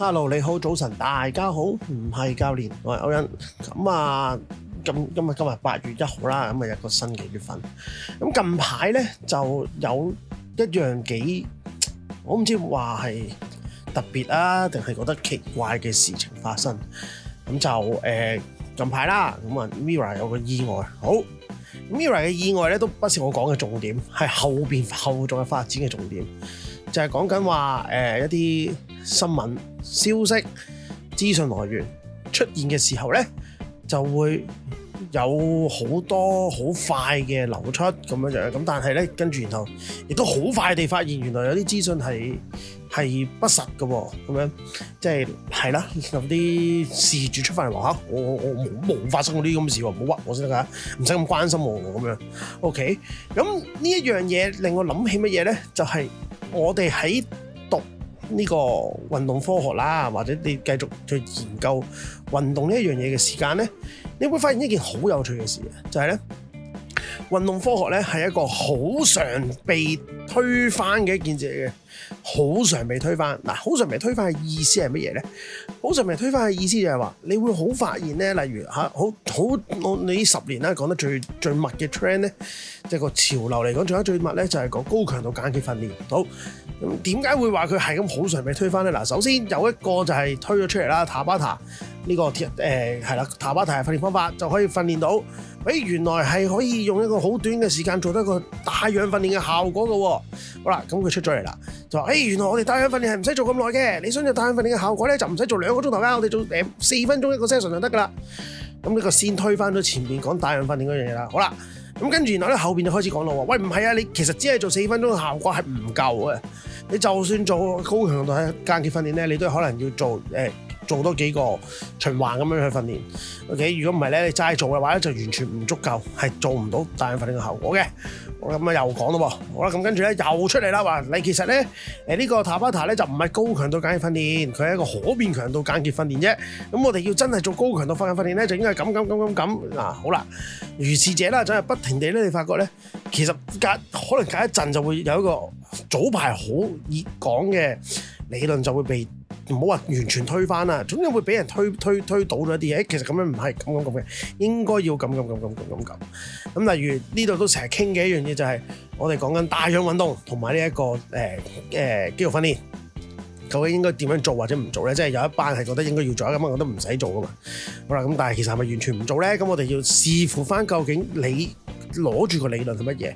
Hello，你好，早晨，大家好。唔係教練，我係歐欣。咁啊，咁今日今日八月一號啦，咁啊一個新嘅月份。咁近排咧就有一樣幾，我唔知話係特別啊，定係覺得奇怪嘅事情發生。咁就誒近排啦，咁啊 Mira 有個意外。好 Mira 嘅意外咧，都不是我講嘅重點，係後邊後續嘅發展嘅重點，就係講緊話誒一啲。新聞消息資訊來源出現嘅時候咧，就會有好多好快嘅流出咁樣樣，咁但係咧跟住然後亦都好快地發現原來有啲資訊係係不實嘅喎，咁樣即係係啦有啲事主出翻嚟話吓我我我冇發生過嗰啲咁嘅事喎，唔好屈我先得噶，唔使咁關心我咁樣。OK，咁呢一樣嘢令我諗起乜嘢咧？就係、是、我哋喺。呢個運動科學啦，或者你繼續去研究運動呢一樣嘢嘅時間咧，你會發現一件好有趣嘅事啊，就係咧。運動科學咧係一個好常被推翻嘅一件事嚟嘅，好常被推翻。嗱、啊，好常被推翻嘅意思係乜嘢咧？好常被推翻嘅意思就係話，你會好發現咧，例如嚇、啊，好好我你這十年啦，講得最最密嘅 trend 咧，即係個潮流嚟講，仲有最密咧就係講高強度間歇訓練。好，咁，點解會話佢係咁好常被推翻咧？嗱，首先有一個就係推咗出嚟啦，塔巴塔。呢、這個鐵誒係啦，塔巴提嘅訓練方法就可以訓練到。誒原來係可以用一個好短嘅時間做到一個帶氧訓練嘅效果嘅、哦、好啦，咁佢出咗嚟啦，就話：誒、欸、原來我哋帶氧訓練係唔使做咁耐嘅。你想做帶氧訓練嘅效果咧，就唔使做兩個鐘頭啦。我哋做四、呃、分鐘一個 session 就得㗎啦。咁呢個先推翻咗前面講帶氧訓練嗰樣嘢啦。好啦，咁跟住然後咧後面就開始講到話：喂唔係啊，你其實只係做四分鐘嘅效果係唔夠嘅。你就算做高強度嘅間歇訓練咧，你都可能要做誒。欸做多幾個循環咁樣去訓練，OK？如果唔係咧，你齋做嘅話咧，就完全唔足夠，係做唔到帶氧訓練嘅效果嘅。我咁啊又講咯喎，好啦，咁跟住咧又出嚟啦，話你其實咧呢、呢個塔巴塔咧就唔係高強度間歇訓練，佢係一個可變強度間歇訓練啫。咁我哋要真係做高強度訓練訓練咧，就應該係咁咁咁咁咁。嗱、啊，好啦，如是者啦，就係不停地咧，你發覺咧，其實隔可能隔一陣就會有一個早排好熱講嘅。理論就會被唔好話完全推翻啦，總之會俾人推推推倒咗一啲嘢。其實咁樣唔係咁咁咁嘅，應該要咁咁咁咁咁咁。咁例如呢度都成日傾嘅一樣嘢就係我哋講緊帶氧運動同埋呢一個誒誒、呃、肌肉訓練。究竟應該點樣做或者唔做咧？即係有一班係覺得應該要做樣，有一班覺得唔使做噶嘛。好啦，咁但係其實係咪完全唔做咧？咁我哋要視乎翻究竟你攞住個理論係乜嘢。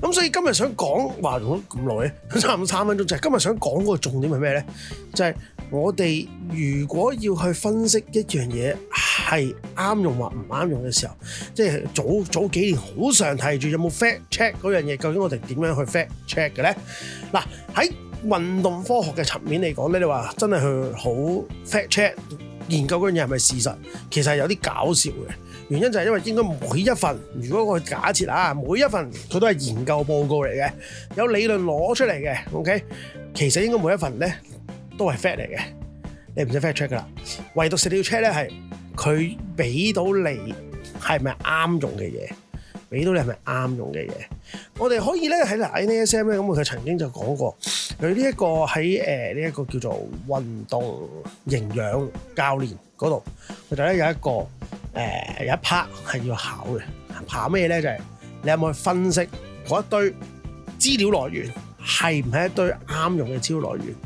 咁所以今日想講話用咗咁耐咧，差唔多三分鐘就係今日想講嗰個重點係咩咧？就係我哋如果要去分析一樣嘢係啱用或唔啱用嘅時候，即係早早幾年好常提住有冇 fact check 嗰樣嘢？究竟我哋點樣去 fact check 嘅咧？嗱喺運動科學嘅層面嚟講咧，你話真係去好 fact check 研究嗰樣嘢係咪事實，其實係有啲搞笑嘅。原因就係因為應該每一份，如果我假設啊，每一份佢都係研究報告嚟嘅，有理論攞出嚟嘅。OK，其實應該每一份咧都係 fact 嚟嘅，你唔使 fact check 噶啦。唯獨係你要 check 咧係佢俾到你係咪啱用嘅嘢。俾到你係咪啱用嘅嘢？我哋可以咧，喺度 NSM 咧，咁佢曾經就講過佢呢一個喺誒呢一個叫做運動營養教練嗰度，佢就咧有一個誒、呃、有一 part 係要考嘅，考咩咧就係你有冇去分析嗰一堆資料來源係唔係一堆啱用嘅資料來源？是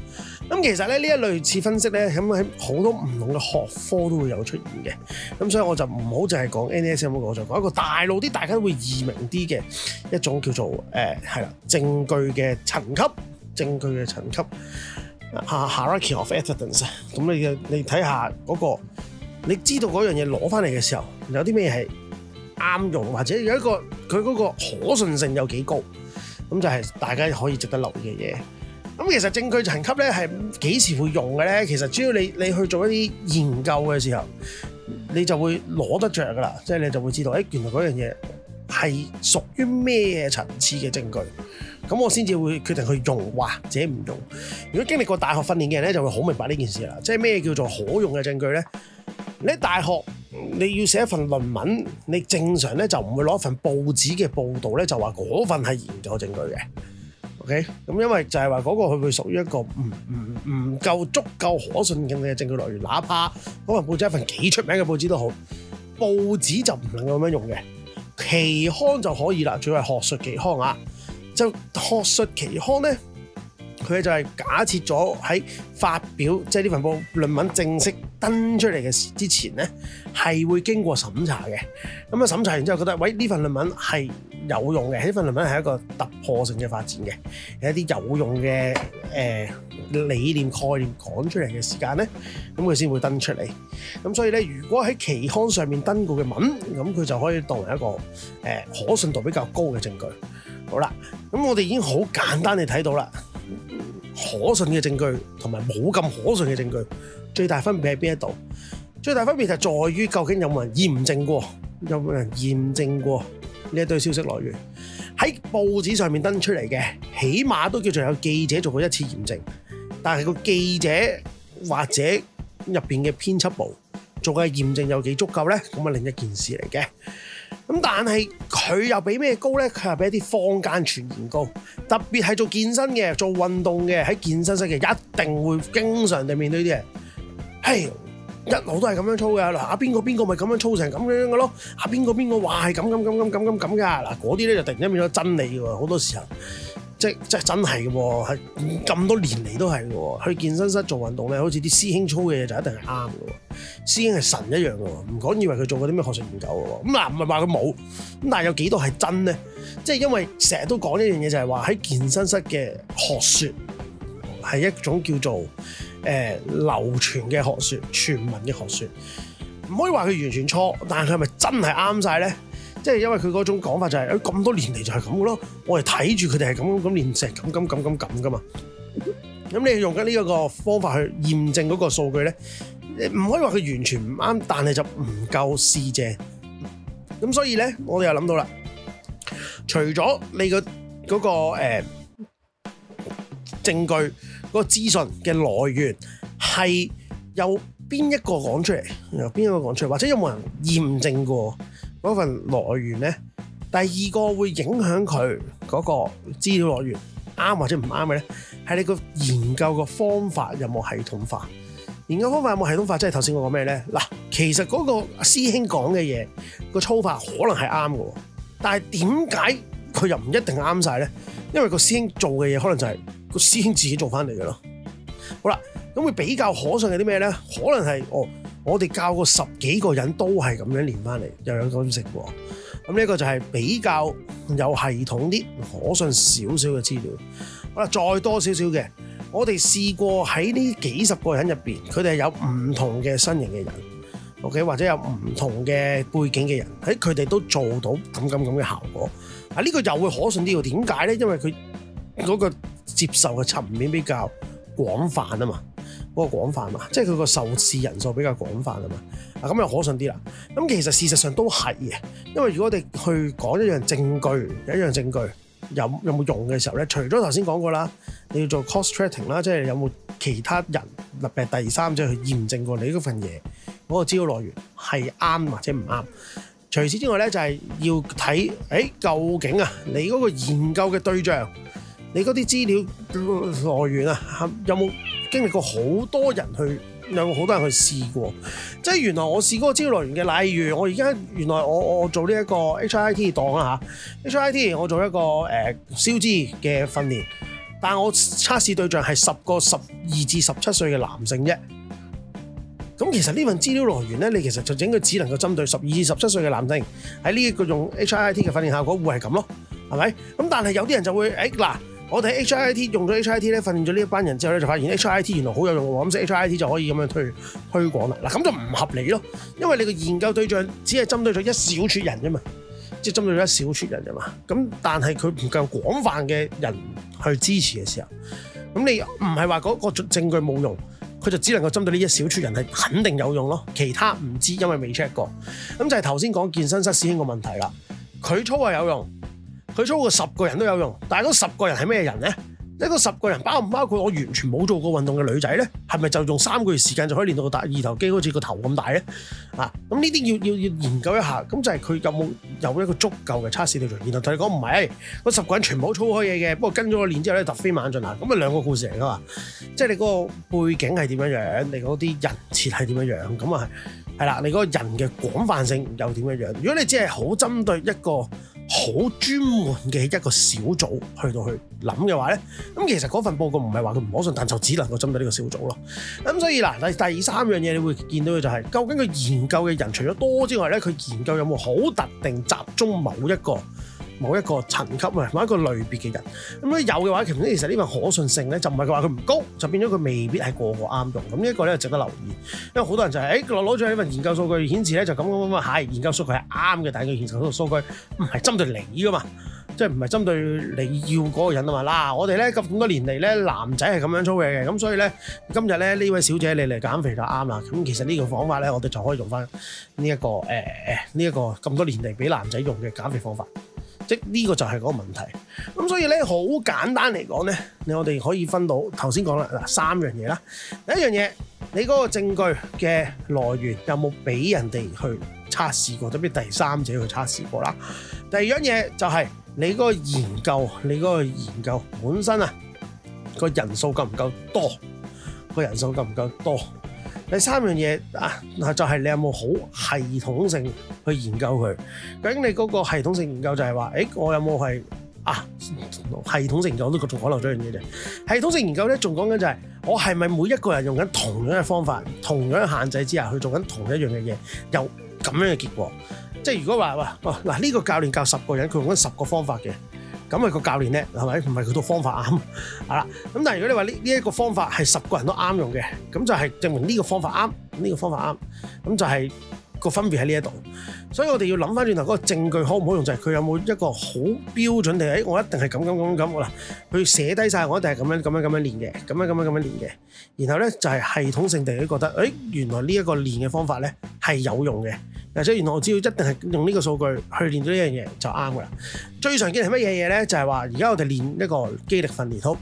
咁其實咧，呢一類似分析咧，咁喺好多唔同嘅學科都會有出現嘅。咁所以我就唔好淨係講 NSM，我就講一個大路啲，大家都會易明啲嘅一種叫做誒係啦，證據嘅層級，證據嘅層級。Hierarchy of Evidence，咁你嘅你睇下嗰個，你知道嗰樣嘢攞翻嚟嘅時候，有啲咩係啱用，或者有一個佢嗰個可信性有幾高，咁就係大家可以值得留意嘅嘢。咁其實證據層級咧係幾時會用嘅咧？其實只要你你去做一啲研究嘅時候，你就會攞得着噶啦，即係你就會知道，誒，原來嗰樣嘢係屬於咩層次嘅證據，咁我先至會決定去用或者唔用。如果經歷過大學訓練嘅人咧，就會好明白呢件事啦。即係咩叫做可用嘅證據咧？你喺大學你要寫一份論文，你正常咧就唔會攞一份報紙嘅報道咧，就話嗰份係研究證據嘅。咁、okay? 因為就係話嗰個佢會，會屬於一個唔唔唔夠足夠可信嘅證據來源，哪怕嗰份報紙一份幾出名嘅報紙都好，報紙就唔能夠咁樣用嘅，期刊就可以啦。作為學術期刊啊，就學術期刊咧，佢就係假設咗喺發表即係呢份報論文正式登出嚟嘅之前咧，係會經過審查嘅。咁啊審查完之後覺得，喂，呢份論文係有用嘅，呢份論文係一個突破性嘅發展嘅，有一啲有用嘅誒、呃、理念概念講出嚟嘅時間咧，咁佢先會登出嚟。咁所以咧，如果喺期刊上面登過嘅文，咁佢就可以當為一個誒、呃、可信度比較高嘅證據。好啦，咁我哋已經好簡單地睇到啦，可信嘅證據同埋冇咁可信嘅證據，最大分別喺邊一度？最大分別就係在於究竟有冇人驗證過，有冇人驗證過。呢一堆消息來源喺報紙上面登出嚟嘅，起碼都叫做有記者做過一次驗證，但係個記者或者入邊嘅編輯部做嘅驗證有幾足夠呢？咁係另一件事嚟嘅。咁但係佢又比咩高呢？佢又比一啲坊間傳言高，特別係做健身嘅、做運動嘅喺健身室嘅，一定會經常地面對啲人係。Hey, 一路都係咁樣操嘅，嗱啊邊個邊個咪咁樣操成咁樣嘅咯？啊邊個邊個話係咁咁咁咁咁咁咁噶？嗱，嗰啲咧就突然間變咗真理喎，好多時候即即真係嘅喎，係咁多年嚟都係嘅喎。去健身室做運動咧，好似啲師兄操嘅嘢就一定係啱嘅喎，師兄係神一樣嘅喎，唔講以為佢做過啲咩學術研究嘅喎。咁嗱，唔係話佢冇咁，但係有幾多係真咧？即係因為成日都講一樣嘢，就係話喺健身室嘅學説係一種叫做。誒、呃、流傳嘅學説，傳聞嘅學説，唔可以話佢完全錯，但係咪真係啱晒咧？即係因為佢嗰種講法就係、係，誒、呃、咁多年嚟就係咁嘅咯，我哋睇住佢哋係咁咁練成咁咁咁咁咁噶嘛。咁你用緊呢一個方法去驗證嗰個數據咧，唔可以話佢完全唔啱，但係就唔夠視正。咁所以咧，我哋又諗到啦，除咗你、個嗰個誒證據。個資訊嘅來源係由邊一個講出嚟，由邊一個講出嚟，或者有冇人驗證過嗰份來源咧？第二個會影響佢嗰個資料來源啱或者唔啱嘅咧，係你個研究嘅方法有冇系統化？研究方法有冇系統化？即係頭先我講咩咧？嗱，其實嗰個師兄講嘅嘢個操法可能係啱嘅，但係點解佢又唔一定啱晒咧？因為個師兄做嘅嘢可能就係、是。個師兄自己做翻嚟嘅咯，好啦，咁佢比較可信係啲咩咧？可能係哦，我哋教過十幾個人都係咁樣練翻嚟，又有咁成功喎。咁呢個就係比較有系統啲可信少少嘅資料。好啦，再多少少嘅，我哋試過喺呢幾十個人入面，佢哋有唔同嘅身形嘅人，OK，或者有唔同嘅背景嘅人，喺佢哋都做到咁咁咁嘅效果。啊，呢個又會可信啲喎？點解咧？因為佢。嗰個接受嘅層面比較廣泛啊嘛，嗰個廣泛嘛，即係佢個受試人數比較廣泛啊嘛，啊咁又可信啲啦。咁其實事實上都係嘅，因為如果我哋去講一樣證據，一樣證據有有冇用嘅時候咧，除咗頭先講過啦，你要做 fact checking 啦，即係有冇其他人特別第三者去驗證過你嗰份嘢嗰個資料來源係啱或者唔啱。除此之外咧，就係要睇誒究竟啊，你嗰個研究嘅對象。你嗰啲資料來源啊，有冇經歷過好多人去？有好多人去試過？即係原來我試嗰個資料來源嘅，例如我而家原來我我做呢一個 H I T 檔啦吓 H I T 我做一個誒消脂嘅訓練，但我測試對象係十個十二至十七歲嘅男性啫。咁其實呢份資料來源呢，你其實就整個只能夠針對十二至十七歲嘅男性喺呢一個用 H I T 嘅訓練效果會係咁咯，係咪？咁但係有啲人就會誒嗱。欸我哋喺 HIT 用咗 HIT 咧，訓練咗呢一班人之後咧，就發現 HIT 原來好有用喎，咁所以 HIT 就可以咁樣推推廣啦。嗱、啊，咁就唔合理咯，因為你個研究對象只係針對咗一小撮人啫嘛，即係針對咗一小撮人啫嘛。咁但係佢唔夠廣泛嘅人去支持嘅時候，咁你唔係話嗰個證據冇用，佢就只能夠針對呢一小撮人係肯定有用咯，其他唔知因為未 check 過。咁就係頭先講健身室師兄個問題啦，佢操係有用。佢操過十個人都有用，但係嗰十個人係咩人咧？一個十個人包唔包括我完全冇做過運動嘅女仔咧？係咪就用三個月時間就可以練到個大二頭肌好似個頭咁大咧？啊，咁呢啲要要要研究一下。咁就係佢有冇有，有一個足夠嘅測試對象。然後同你講唔係，嗰十個人全部操開嘢嘅，不過跟咗我練之後咧突飛猛進啦。咁啊兩個故事嚟噶嘛？即係你嗰個背景係點樣樣，你嗰啲人設係點樣樣？咁啊係啦，你嗰個人嘅廣泛性又點樣樣？如果你只係好針對一個。好專門嘅一個小組去到去諗嘅話呢，咁其實嗰份報告唔係話佢唔可信，但就只能夠針對呢個小組咯。咁所以嗱，第第三樣嘢你會見到嘅就係，究竟佢研究嘅人除咗多之外呢，佢研究有冇好特定集中某一個？某一個層級啊，某一個類別嘅人咁咧，如果有嘅話，其實呢份可信性咧就唔係佢話佢唔高，就變咗佢未必係個個啱用。咁呢一個咧值得留意，因為好多人就係誒攞咗住呢份研究數據顯示咧就咁咁咁，係研究數據係啱嘅，但係佢現實嗰個數據唔係針對你噶嘛，即係唔係針對你要嗰個人啊嘛。嗱、啊，我哋咧咁咁多年嚟咧，男仔係咁樣操嘅，咁所以咧今日咧呢呢位小姐你嚟減肥就啱啦。咁其實呢個方法咧，我哋就可以用翻呢一個誒呢一個咁多年嚟俾男仔用嘅減肥方法。即、這、呢個就係嗰個問題，咁所以咧好簡單嚟講咧，你我哋可以分到頭先講啦，嗱三樣嘢啦。第一樣嘢，你嗰個證據嘅來源有冇俾人哋去測試過，特別第三者去測試過啦。第二樣嘢就係、是、你嗰個研究，你嗰個研究本身啊，個人數夠唔夠多？個人數夠唔夠多？第三樣嘢啊，就係、是、你有冇好系統性去研究佢？究竟你嗰個系統性研究就係話，誒我有冇係啊系統性？我都仲講漏咗一樣嘢啫。系統性研究咧，仲講緊就係我係咪每一個人用緊同樣嘅方法、同樣嘅限制之下去做緊同一樣嘅嘢，有咁樣嘅結果？即係如果話話哦嗱，呢、啊呢個教練教十個人，佢用緊十個方法嘅。咁咪個教練叻係咪？唔係佢個方法啱，係啦。咁但係如果你話呢呢一個方法係十個人都啱用嘅，咁就係證明呢個方法啱，呢個方法啱，咁就係。個分別喺呢一度，所以我哋要諗翻轉頭嗰個證據好唔好用就係佢有冇一個好標準地，誒我一定係咁咁咁咁咁啦，佢寫低晒，我一定係咁樣咁樣咁樣練嘅，咁樣咁樣咁樣練嘅，然後咧就係系統性地都覺得，誒原來呢一個練嘅方法咧係有用嘅，嗱即係原來我只要一定係用呢個數據去練到呢樣嘢就啱嘅啦。最常見係乜嘢嘢咧？就係話而家我哋練一個肌力訓練操，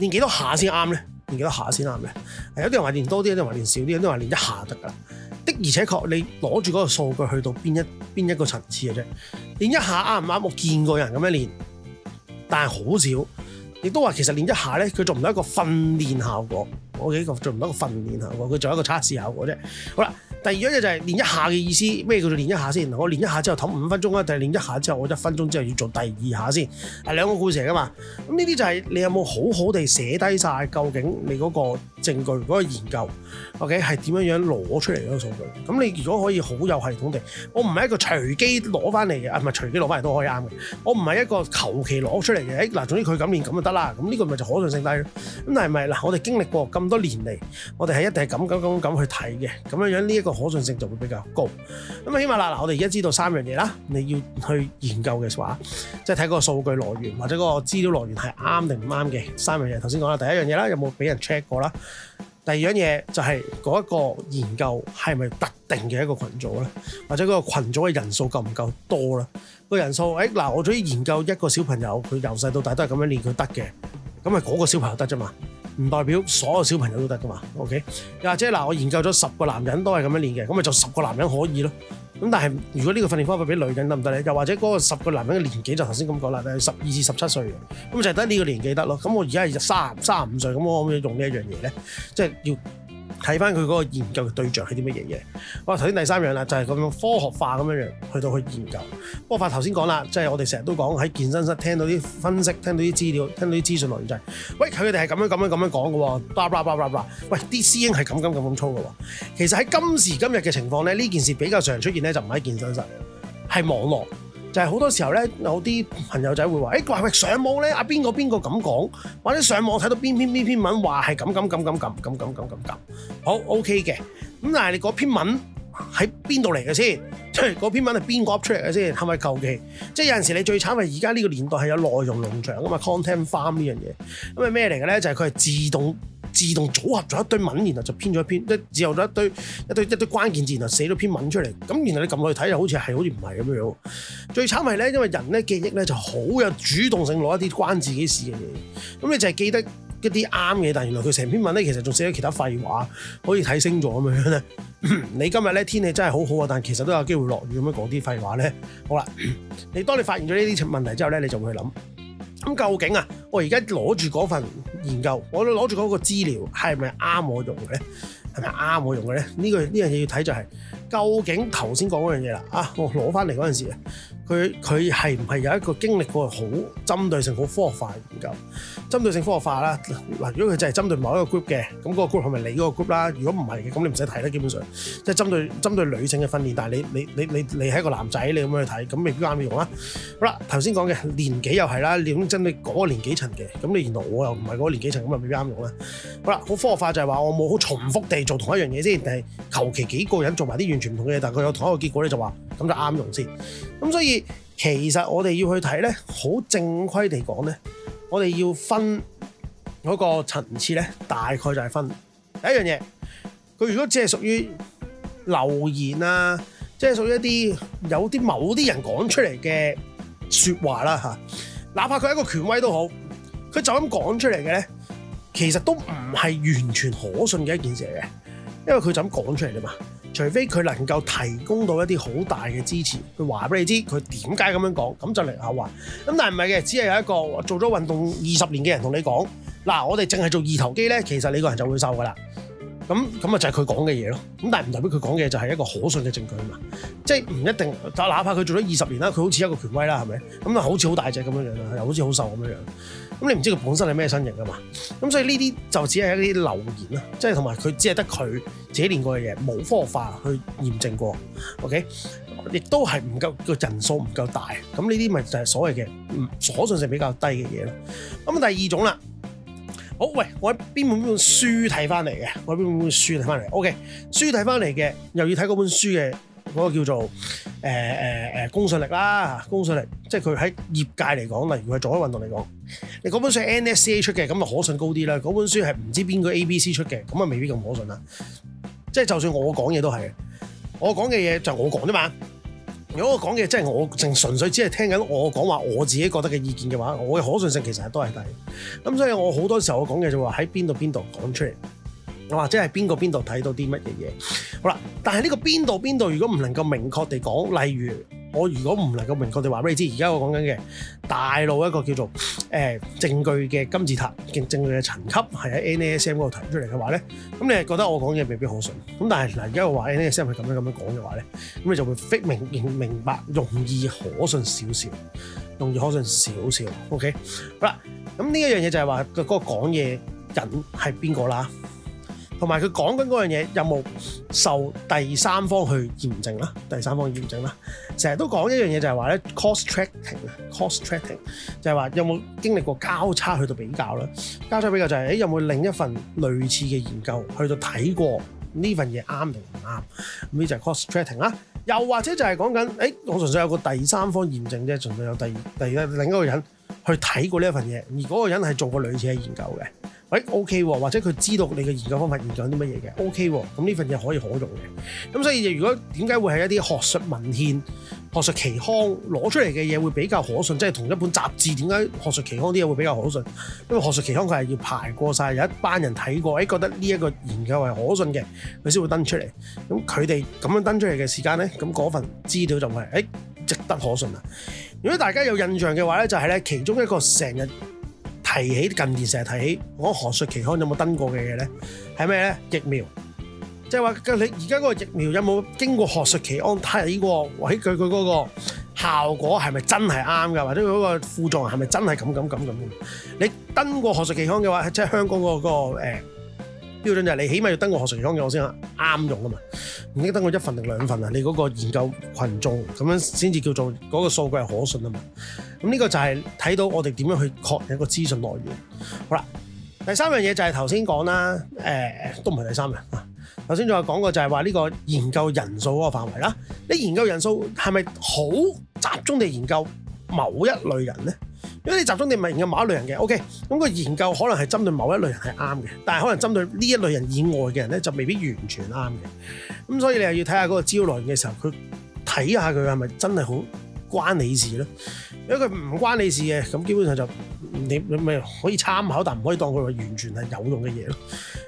練幾多下先啱咧？練幾多下先啱咧？有啲人話練多啲，有啲人話練少啲，有啲人話練一下就得噶啦。的而且確，你攞住嗰個數據去到邊一邊一個層次嘅啫，練一下啱唔啱？我見過人咁樣練，但係好少，亦都話其實練一下咧，佢做唔到一個訓練效果。我幾個佢做唔到一個訓練效果，佢做一個測試效果啫。好啦，第二樣嘢就係練一下嘅意思，咩叫做練一下先？我練一下之後唞五分鐘啊，定係練一下之後我一分鐘之後要做第二下先。係兩個故事嚟噶嘛？咁呢啲就係、係、你有冇好好地寫低晒，究竟你嗰、嗰個。證據如果研究，OK 係點樣樣攞出嚟嗰個數據？咁你如果可以好有系統地，我唔係一個隨機攞翻嚟嘅，啊唔係隨機攞翻嚟都可以啱嘅。我唔係一個求其攞出嚟嘅。誒嗱，總之佢咁面咁就得啦。咁呢個咪就可信性低咯。咁但係咪嗱？我哋經歷過咁多年嚟，我哋係一定係咁咁咁咁去睇嘅。咁樣樣呢一個可信性就會比較高。咁啊，起碼嗱，我哋而家知道三樣嘢啦。你要去研究嘅話，即係睇嗰個數據來源或者嗰個資料來源係啱定唔啱嘅三樣嘢。頭先講啦，第一樣嘢啦，有冇俾人 check 過啦？第二樣嘢就係嗰一個研究係咪特定嘅一個群組咧，或者嗰個群組嘅人數夠唔夠多咧？個人數誒，嗱、欸，我終於研究一個小朋友，佢由細到大都係咁樣練佢得嘅，咁咪嗰個小朋友得啫嘛，唔代表所有小朋友都得噶嘛。OK，或者嗱，我研究咗十個男人都係咁樣練嘅，咁咪就十個男人可以咯。咁但係，如果呢個訓練方法俾女人得唔得咧？又或者嗰個十個男人嘅年，年紀就頭先咁講啦，係十二至十七歲嘅，咁就係得呢個年紀得咯。咁我而家係三三十五歲，咁我可唔可以用呢一樣嘢咧？即係要。睇翻佢嗰個研究嘅對象係啲乜嘢嘢，哇！頭先第三樣啦，就係咁樣科學化咁樣樣去到去研究。不過發頭先講啦，即係我哋成日都講喺健身室聽到啲分析，聽到啲資料，聽到啲資訊來源就係，喂佢哋係咁樣咁樣咁樣講嘅喎，巴拉巴拉巴拉，喂啲師兄係咁咁咁咁操嘅喎。其實喺今時今日嘅情況咧，呢件事比較常出現咧，就唔喺健身室，係網絡。就係、是、好多時候咧，有啲朋友仔會話，誒話喂，上網咧，阿、啊、邊個邊個咁講，或者上網睇到邊篇邊篇，篇文話係咁咁咁咁咁咁咁咁咁咁。好 OK 嘅，咁但係你嗰篇文喺邊度嚟嘅先？嗰篇文係邊個噏出嚟嘅先？係咪求其？即係有陣時你最慘係而家呢個年代係有內容農場啊嘛，content farm 呢樣嘢，咁係咩嚟嘅咧？就係佢係自動。自動組合咗一堆文，然後就編咗一篇，即係自由咗一堆一堆一堆，一堆關鍵字，然後寫咗篇文出嚟。咁然後你撳落去睇，就好似係，好似唔係咁樣。最慘係咧，因為人咧記憶咧就好有主動性，攞一啲關自己事嘅嘢。咁你就係記得一啲啱嘅，但原來佢成篇文咧其實仲寫咗其他廢話，可以睇星座咁樣咧。 你今日咧天氣真係好好啊，但其實都有機會落雨咁樣。講啲廢話咧，好啦，你當你發現咗呢啲問題之後咧，你就會去諗。咁究竟啊，我而家攞住嗰份研究，我都攞住嗰個資料係咪啱我用嘅咧？係咪啱我用嘅咧？呢個呢樣嘢要睇就係究竟頭先講嗰樣嘢啦。啊，我攞翻嚟嗰陣時。佢佢係唔係有一個經歷過好針對性好科學化嘅研究？針對性科學化啦，嗱，如果佢就係針對某一個 group 嘅，咁嗰個 group 係咪你嗰個 group 啦？如果唔係嘅，咁你唔使睇啦。基本上，即係針對針對女性嘅訓練，但係你你你你你係一個男仔，你咁樣去睇，咁未必啱用啦。好啦，頭先講嘅年紀又係啦，你要真係嗰個年紀層嘅，咁你原來我又唔係嗰個年紀層，咁咪未必啱用啦。好啦，好科學化就係話我冇好重複地做同一樣嘢先，但係求其幾個人做埋啲完全唔同嘅嘢，但佢有同一個結果咧，就話咁就啱用先。咁所以。其實我哋要去睇咧，好正規地講咧，我哋要分嗰個層次咧，大概就係分第一樣嘢，佢如果只係屬於流言啊，即係屬於一啲有啲某啲人講出嚟嘅說話啦嚇，哪怕佢係一個權威都好，佢就咁講出嚟嘅咧，其實都唔係完全可信嘅一件事嚟嘅，因為佢就咁講出嚟嘅嘛。除非佢能夠提供到一啲好大嘅支持，佢話俾你知佢點解咁樣講，咁就嚟下話。咁但係唔係嘅，只係有一個做咗運動二十年嘅人同你講，嗱，我哋淨係做二頭肌咧，其實你個人就會瘦㗎啦。咁咁啊就係佢講嘅嘢咯。咁但係唔代表佢講嘅就係一個可信嘅證據啊嘛，即係唔一定。就哪怕佢做咗二十年啦，佢好似一個權威啦，係咪？咁啊好似好大隻咁樣樣，又好似好瘦咁樣樣。咁你唔知佢本身係咩身形㗎嘛，咁所以呢啲就只係一啲流言啦，即係同埋佢只係得佢自己練過嘅嘢，冇科學化去驗證過，OK，亦都係唔夠個人數唔夠大，咁呢啲咪就係所謂嘅唔可信性比較低嘅嘢咯。咁第二種啦，好，喂，我喺邊本邊本書睇翻嚟嘅，我喺邊本邊本書睇翻嚟，OK，書睇翻嚟嘅，又要睇嗰本書嘅。嗰個叫做誒誒誒公信力啦，公信力即係佢喺業界嚟講，例如佢做開運動嚟講，你嗰本書係 N.S.C.A 出嘅，咁就可信高啲啦。嗰本書係唔知邊個 A.B.C 出嘅，咁啊未必咁可信啦。即係就算我講嘢都係，我講嘅嘢就我講啫嘛。如果我講嘢真係我淨純粹只係聽緊我講話，我自己覺得嘅意見嘅話，我嘅可信性其實都係低。咁所以我好多時候我講嘅就話喺邊度邊度講出嚟，或者係邊個邊度睇到啲乜嘢嘢。好啦，但係呢個邊度邊度，如果唔能夠明確地講，例如我如果唔能夠明確地話俾你知，而家我講緊嘅大陸一個叫做誒、呃、證據嘅金字塔，證證據嘅層級係喺 NASM 嗰度提出嚟嘅話咧，咁你係覺得我講嘢未必可信。咁但係嗱，而家我話 NASM 係咁樣咁樣講嘅話咧，咁你就會明明白容易可信少少，容易可信少少。OK，好啦，咁呢一樣嘢就係、那個、話個嗰個講嘢人係邊個啦。同埋佢講緊嗰樣嘢有冇受第三方去驗證啦？第三方驗證啦，成日都講一樣嘢就係話咧，Cost Tracking 啊，Cost Tracking 就係話有冇經歷過交叉去到比較啦？交叉比較就係、是、誒、欸、有冇另一份類似嘅研究去到睇過呢份嘢啱定唔啱？咁呢就係 Cost Tracking 啦、啊。又或者就係講緊誒，我純粹有個第三方驗證啫，純粹有第二第二個另一個人去睇過呢一份嘢，而嗰個人係做過類似嘅研究嘅。誒，O K 喎，或者佢知道你嘅研究方法研究啲乜嘢嘅，O K 喎，咁呢份嘢可以可用嘅。咁所以如果點解會係一啲學術文獻、學術期刊攞出嚟嘅嘢會比較可信，即係同一本雜誌點解學術期刊啲嘢會比較可信？因為學術期刊佢係要排過晒，有一班人睇過，誒覺得呢一個研究係可信嘅，佢先會登出嚟。咁佢哋咁樣登出嚟嘅時間呢，咁嗰份資料就係誒值得可信啦。如果大家有印象嘅話呢就係呢其中一個成日。提起近年成日提起，我學術期刊有冇登過嘅嘢咧？係咩咧？疫苗，即係話你而家嗰個疫苗有冇經過學術期刊睇過？喺佢佢嗰個效果係咪真係啱㗎？或者佢個副作用係咪真係咁咁咁咁嘅？你登過學術期刊嘅話，即係香港嗰個嗰個誒標準就係你起碼要登個學術研究，我先啱用啊嘛。唔一定登過一份定兩份啊。你嗰個研究群眾咁樣先至叫做嗰個數據係可信啊嘛。咁呢個就係睇到我哋點樣去確認一個資訊來源。好啦，第三樣嘢就係頭先講啦，誒都唔係第三樣啊。頭先仲有講過就係話呢個研究人數嗰個範圍啦。你研究人數係咪好集中地研究某一類人咧？因為你集中地物研究某一類人嘅，OK，咁佢研究可能係針對某一類人係啱嘅，但係可能針對呢一類人以外嘅人咧，就未必完全啱嘅。咁所以你又要睇下嗰個資料來源嘅時候，佢睇下佢係咪真係好關你事咧？如果佢唔關你事嘅，咁基本上就你咪可以參考，但唔可以當佢完全係有用嘅嘢咯。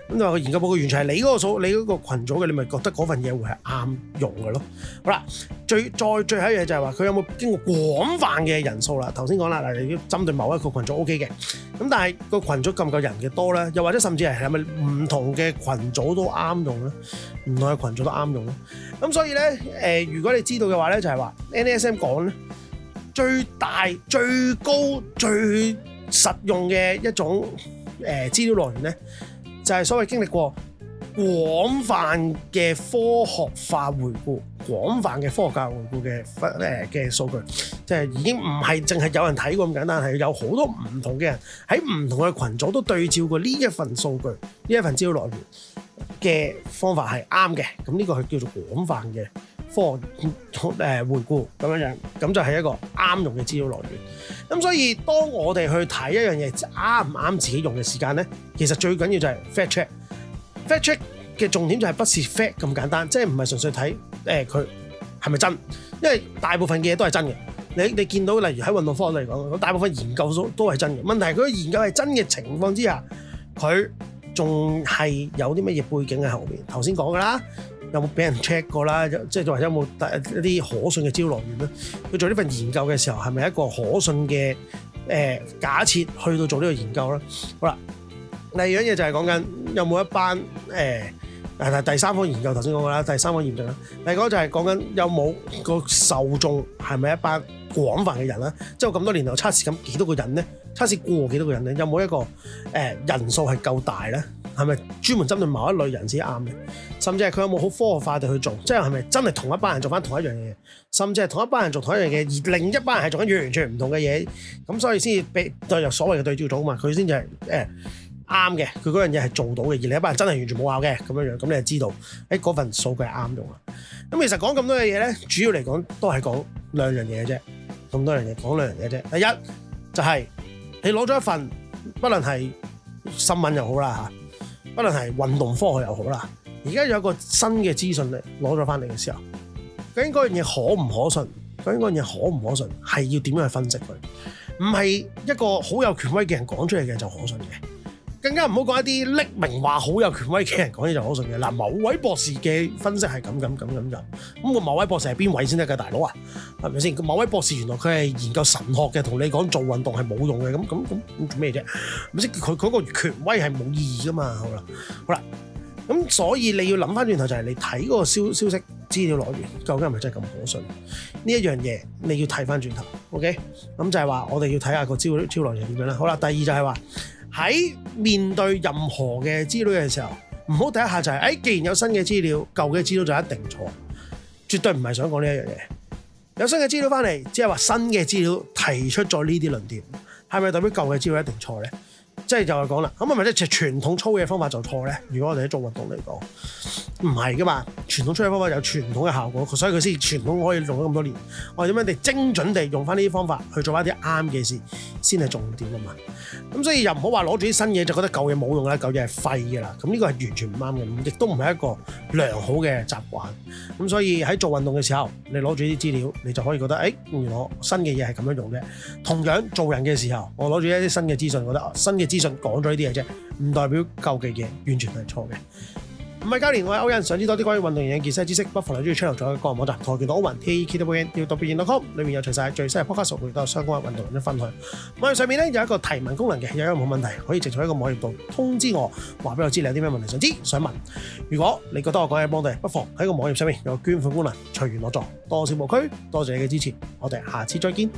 咁你話個研究報告完全係你嗰個數，你嗰個羣組嘅，你咪覺得嗰份嘢會係啱用嘅咯？好啦，最再最後一樣嘢就係話佢有冇經過廣泛嘅人數啦？頭先講啦，嗱，你要針對某一個群組 O K 嘅，咁但係個群組夠唔夠人嘅多咧？又或者甚至係係咪唔同嘅群組都啱用咧？唔同嘅羣組都啱用咧？咁所以咧，誒，如果你知道嘅話咧，就係話 N S M 講咧，最大、最高、最實用嘅一種誒資料來源咧。就係、是、所謂經歷過廣泛嘅科學化回顧，廣泛嘅科學化回顧嘅分誒嘅數據，就係、是、已經唔係淨係有人睇過咁簡單，係有好多唔同嘅人喺唔同嘅群組都對照過呢一份數據，呢一份資料來源嘅方法係啱嘅。咁呢個係叫做廣泛嘅。科、嗯嗯、回顧咁樣樣，咁就係一個啱用嘅資料來源。咁所以當我哋去睇一樣嘢啱唔啱自己用嘅時間咧，其實最緊要就係 Fact Check。Fact Check 嘅重點就係不是 Fact 咁簡單，即係唔係純粹睇佢係咪真，因為大部分嘅嘢都係真嘅。你你見到例如喺運動科學嚟講，大部分研究都都係真嘅。問題，佢研究係真嘅情況之下，佢仲係有啲乜嘢背景喺後面。頭先講㗎啦。有冇俾人 check 過啦？即係作為有冇一啲可信嘅資料來源咧？佢做呢份研究嘅時候係咪一個可信嘅誒、呃、假設去到做呢個研究啦？好啦，第二樣嘢就係講緊有冇一班誒誒第三方研究頭先講嘅啦，第三方驗證啦。第二個就係講緊有冇個受眾係咪一班廣泛嘅人啦？即係咁多年頭測試咁幾多個人咧？測試過幾多個人咧？有冇一個誒、呃、人數係夠大咧？係咪專門針對某一類人先啱嘅？甚至係佢有冇好科學化地去做？即係係咪真係同一班人做翻同一樣嘢？甚至係同一班人做同一樣嘢，而另一班人係做緊完全唔同嘅嘢，咁所以先至俾對入所謂嘅對照組啊嘛。佢先至係誒啱嘅，佢嗰樣嘢係做到嘅。而另一班人真係完全冇拗嘅咁樣樣，咁你就知道喺嗰份數據係啱用啊。咁其實講咁多嘅嘢咧，主要嚟講都係講兩樣嘢嘅啫。咁多樣嘢講兩樣嘢啫。第一就係你攞咗一份，不論係新聞又好啦嚇。不論係運動科學又好啦，而家有一個新嘅資訊咧，攞咗翻嚟嘅時候，究竟嗰樣嘢可唔可信？究竟嗰樣嘢可唔可信？係要點樣去分析佢？唔係一個好有權威嘅人講出嚟嘅就可信嘅。更加唔好講一啲匿名話好有權威嘅人講嘢就可信嘅嗱，某位博士嘅分析係咁咁咁咁咁咁，咁、咁個某位博士係邊位先得㗎大佬啊？係咪先？某位博士原來佢係研究神學嘅，同你講做運動係冇用嘅，咁咁咁做咩啫？咪即佢嗰個權威係冇意義噶嘛？好啦，好啦，咁所以你要諗翻轉頭就係、是、你睇嗰個消消息資料來源究竟係咪真係咁可信？呢一樣嘢你要睇翻轉頭。OK，咁就係話我哋要睇下個資料資料來源點樣啦。好啦，第二就係話。喺面對任何嘅資料嘅時候，唔好第一下就係，誒，既然有新嘅資料，舊嘅資料就一定錯，絕對唔係想講呢一樣嘢。有新嘅資料返嚟，只係話新嘅資料提出咗呢啲論點，係咪代表舊嘅資料一定錯呢？即係就係講啦，咁係咪即係傳統粗嘅方法就錯咧？如果我哋喺做運動嚟講，唔係噶嘛，傳統粗嘅方法有傳統嘅效果，所以佢先傳統可以用咗咁多年。我哋點樣地精準地用翻呢啲方法去做翻啲啱嘅事，先係重點啊嘛。咁所以又唔好話攞住啲新嘢就覺得舊嘢冇用啦，舊嘢係廢嘅啦。咁呢個係完全唔啱嘅，亦都唔係一個良好嘅習慣。咁所以喺做運動嘅時候，你攞住啲資料，你就可以覺得，誒、欸，原來我新嘅嘢係咁樣用嘅。同樣做人嘅時候，我攞住一啲新嘅資訊，覺得啊，新嘅。資訊講咗呢啲嘢啫，唔代表舊嘅嘢完全係錯嘅。唔係今年，我係歐欣。想知多啲關於運動員嘅健身知識，不妨嚟中意 channel 仲有個人網站跆拳道 Wen T K W N 要特別現到 com，裏面有詳曬最新嘅 p o 科學數據，有相關運動嘅分享。網頁上面咧有一個提問功能嘅，有任何問題可以直接喺個網頁度通知我，話俾我知你有啲咩問題想知想問。如果你覺得我講嘢幫到，不妨喺個網頁上面有捐款功能，隨緣樂助。多謝無區，多謝你嘅支持，我哋下次再見。